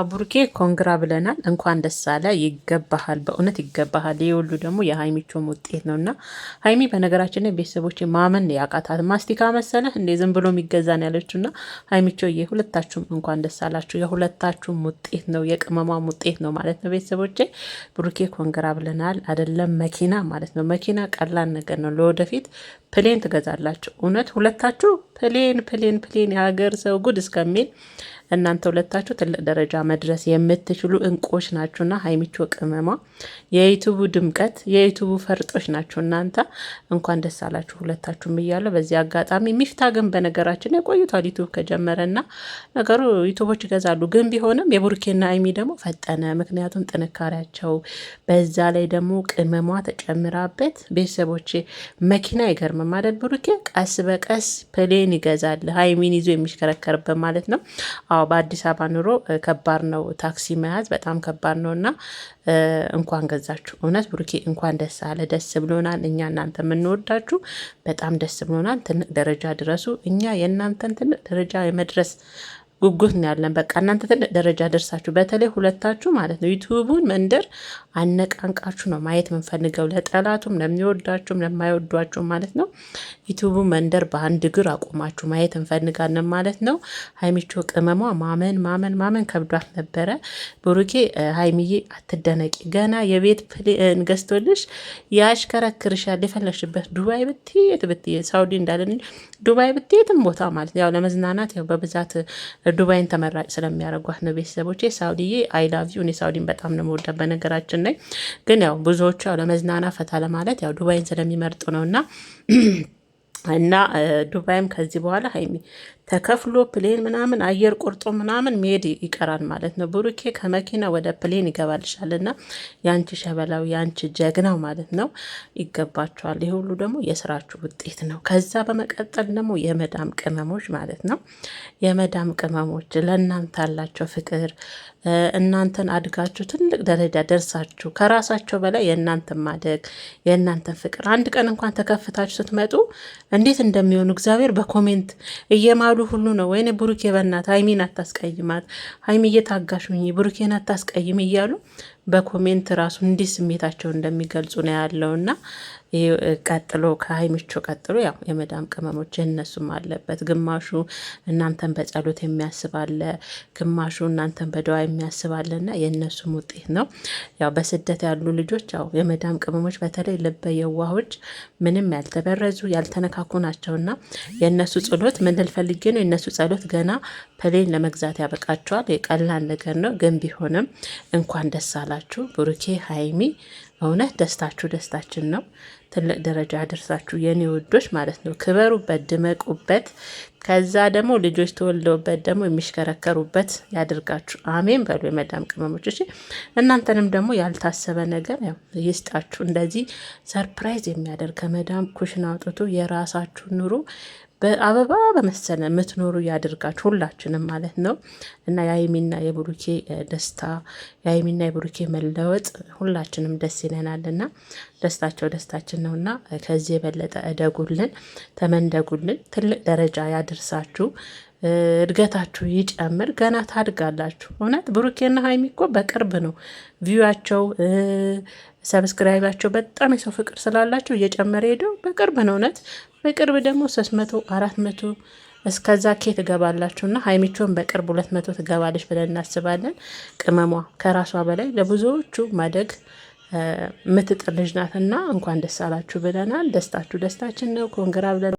አቡርኬ ኮንግራ ብለናል። እንኳን ደስ አለ። ይገባሃል፣ በእውነት ይገባሃል። ይህ ሁሉ ደግሞ የሀይሚቾም ውጤት ነው እና ሀይሚ በነገራችን ላይ ቤተሰቦች ማመን ያቃታት ማስቲካ መሰለህ እንዴ ዝም ብሎ የሚገዛን ያለችው እና ሀይሚቾ የሁለታችሁም እንኳን ደስ አላችሁ። የሁለታችሁም ውጤት ነው፣ የቅመሟም ውጤት ነው ማለት ነው። ቤተሰቦቼ ቡርኬ ኮንግራ ብለናል። አይደለም መኪና ማለት ነው። መኪና ቀላል ነገር ነው። ለወደፊት ፕሌን ትገዛላችሁ። እውነት ሁለታችሁ ፕሌን ፕሌን ፕሌን የሀገር ሰው ጉድ እስከሚል እናንተ ሁለታችሁ ትልቅ ደረጃ መድረስ የምትችሉ እንቁዎች ናችሁና ሀይሚቾ ቅመሟ፣ የዩቱቡ ድምቀት፣ የዩቱቡ ፈርጦች ናችሁ እናንተ። እንኳን ደስ አላችሁ ሁለታችሁም እያለሁ በዚህ አጋጣሚ ሚፍታ ግን በነገራችን የቆይቷል ዩቱብ ከጀመረና ነገሩ ዩቱቦች ይገዛሉ። ግን ቢሆንም የቡርኬና ሀይሚ ደግሞ ፈጠነ። ምክንያቱም ጥንካሬያቸው በዛ ላይ ደግሞ ቅመሟ ተጨምራበት ቤተሰቦች መኪና አይገርምም ማለት ብሩኬ ቀስ በቀስ ፕሌን ይገዛል ሀይሚን ይዞ የሚሽከረከርበት ማለት ነው። አዎ ያው በአዲስ አበባ ኑሮ ከባድ ነው። ታክሲ መያዝ በጣም ከባድ ነው እና እንኳን ገዛችሁ። እውነት ብሩኬ እንኳን ደስ አለ። ደስ ብሎናል። እኛ እናንተ የምንወዳችሁ በጣም ደስ ብሎናል። ትልቅ ደረጃ ድረሱ። እኛ የእናንተን ትልቅ ደረጃ የመድረስ ጉጉት ነው ያለን። በቃ እናንተ ትልቅ ደረጃ ደርሳችሁ በተለይ ሁለታችሁ ማለት ነው ዩቱቡን መንደር አነቃንቃችሁ ነው ማየት የምንፈልገው። ለጠላቱም፣ ለሚወዳችሁም፣ ለማይወዷችሁም ማለት ነው ዩቱቡ መንደር በአንድ እግር አቆማችሁ ማየት እንፈልጋለን ማለት ነው። ሀይሚቾ ቅመሟ ማመን ማመን ማመን ከብዷት ነበረ። ብሩኬ ሀይሚዬ አትደነቂ፣ ገና የቤት ፕሌን ገዝቶልሽ ያሽከረክርሻል። የፈለግሽበት ዱባይ ብትሄድ ብትሄድ ሳውዲ እንዳለ ዱባይ ብትሄድም ቦታ ማለት ያው ለመዝናናት ያው በብዛት ዱባይን ተመራጭ ስለሚያደርጓት ነው። ቤተሰቦች ሳውዲዬ አይ ላቭ እኔ ሳውዲን በጣም ነው የምወዳት። በነገራችን ላይ ግን ያው ብዙዎቹ ያው ለመዝናና ፈታ ለማለት ያው ዱባይን ስለሚመርጡ ነው እና እና ዱባይም ከዚህ በኋላ ሀይሚ ተከፍሎ ፕሌን ምናምን አየር ቆርጦ ምናምን መሄድ ይቀራል ማለት ነው። ብሩኬ ከመኪና ወደ ፕሌን ይገባልሻል እና የአንቺ ሸበላው የአንቺ ጀግናው ማለት ነው ይገባቸዋል። ይህ ሁሉ ደግሞ የስራችሁ ውጤት ነው። ከዛ በመቀጠል ደግሞ የመዳም ቅመሞች ማለት ነው የመዳም ቅመሞች ለእናንተ ያላቸው ፍቅር እናንተን አድጋችሁ ትልቅ ደረጃ ደርሳችሁ ከራሳቸው በላይ የእናንተን ማደግ የእናንተን ፍቅር አንድ ቀን እንኳን ተከፍታችሁ ስትመጡ እንዴት እንደሚሆኑ እግዚአብሔር በኮሜንት እየማ እንዳሉ ሁሉ ነው። ወይኔ ብሩኬ በናት ሀይሚን አታስቀይማት፣ ሀይሚ ታጋሽ ሁኚ፣ ብሩኬን አታስቀይም እያሉ በኮሜንት ራሱ እንዲህ ስሜታቸው እንደሚገልጹ ነው ያለው እና ቀጥሎ ከሀይሚቾ ቀጥሎ ያው የመዳም ቅመሞች እነሱም አለበት። ግማሹ እናንተን በጸሎት የሚያስባለ ግማሹ እናንተን በደዋ የሚያስባለ እና የእነሱም ውጤት ነው። ያው በስደት ያሉ ልጆች ያው የመዳም ቅመሞች በተለይ ልበ የዋሆች ምንም ያልተበረዙ ያልተነካኩ ናቸው እና የእነሱ ጸሎት ምን ነው የእነሱ ጸሎት ገና ፕሌን ለመግዛት ያበቃቸዋል። የቀላል ነገር ነው ግን ቢሆንም እንኳን ደስ አላ ያላችሁ ብሩኬ ሀይሚ እውነት ደስታችሁ ደስታችን ነው። ትልቅ ደረጃ አደርሳችሁ የኔ ውዶች ማለት ነው። ክበሩበት፣ ድመቁበት። ከዛ ደግሞ ልጆች ተወልደውበት ደግሞ የሚሽከረከሩበት ያደርጋችሁ። አሜን በሉ የመዳም ቅመሞች። እሺ እናንተንም ደግሞ ያልታሰበ ነገር ይስጣችሁ። እንደዚህ ሰርፕራይዝ የሚያደርግ ከመዳም ኩሽን አውጥቶ የራሳችሁ ኑሮ በአበባ በመሰለ የምትኖሩ ያደርጋችሁ ሁላችንም ማለት ነው። እና የሀይሚና የብሩኬ ደስታ የሀይሚና የብሩኬ መለወጥ ሁላችንም ደስ ይለናልና ደስታቸው ደስታችን ነውና ከዚህ የበለጠ እደጉልን፣ ተመንደጉልን፣ ትልቅ ደረጃ ያድርሳችሁ፣ እድገታችሁ ይጨምር። ገና ታድጋላችሁ። እውነት ብሩኬና ሀይሚ እኮ በቅርብ ነው ቪዋቸው ሰብስክራይባቸው በጣም የሰው ፍቅር ስላላቸው እየጨመረ ሄደው በቅርብ ነው እውነት። በቅርብ ደግሞ ሶስት መቶ አራት መቶ እስከዛ ኬ ትገባላችሁ እና ሀይሚቾን በቅርብ ሁለት መቶ ትገባለች ብለን እናስባለን። ቅመሟ ከራሷ በላይ ለብዙዎቹ ማደግ ምትጥር ልጅ ናትና እንኳን ደስ አላችሁ ብለናል። ደስታችሁ ደስታችን ነው። ኮንግራ ብለን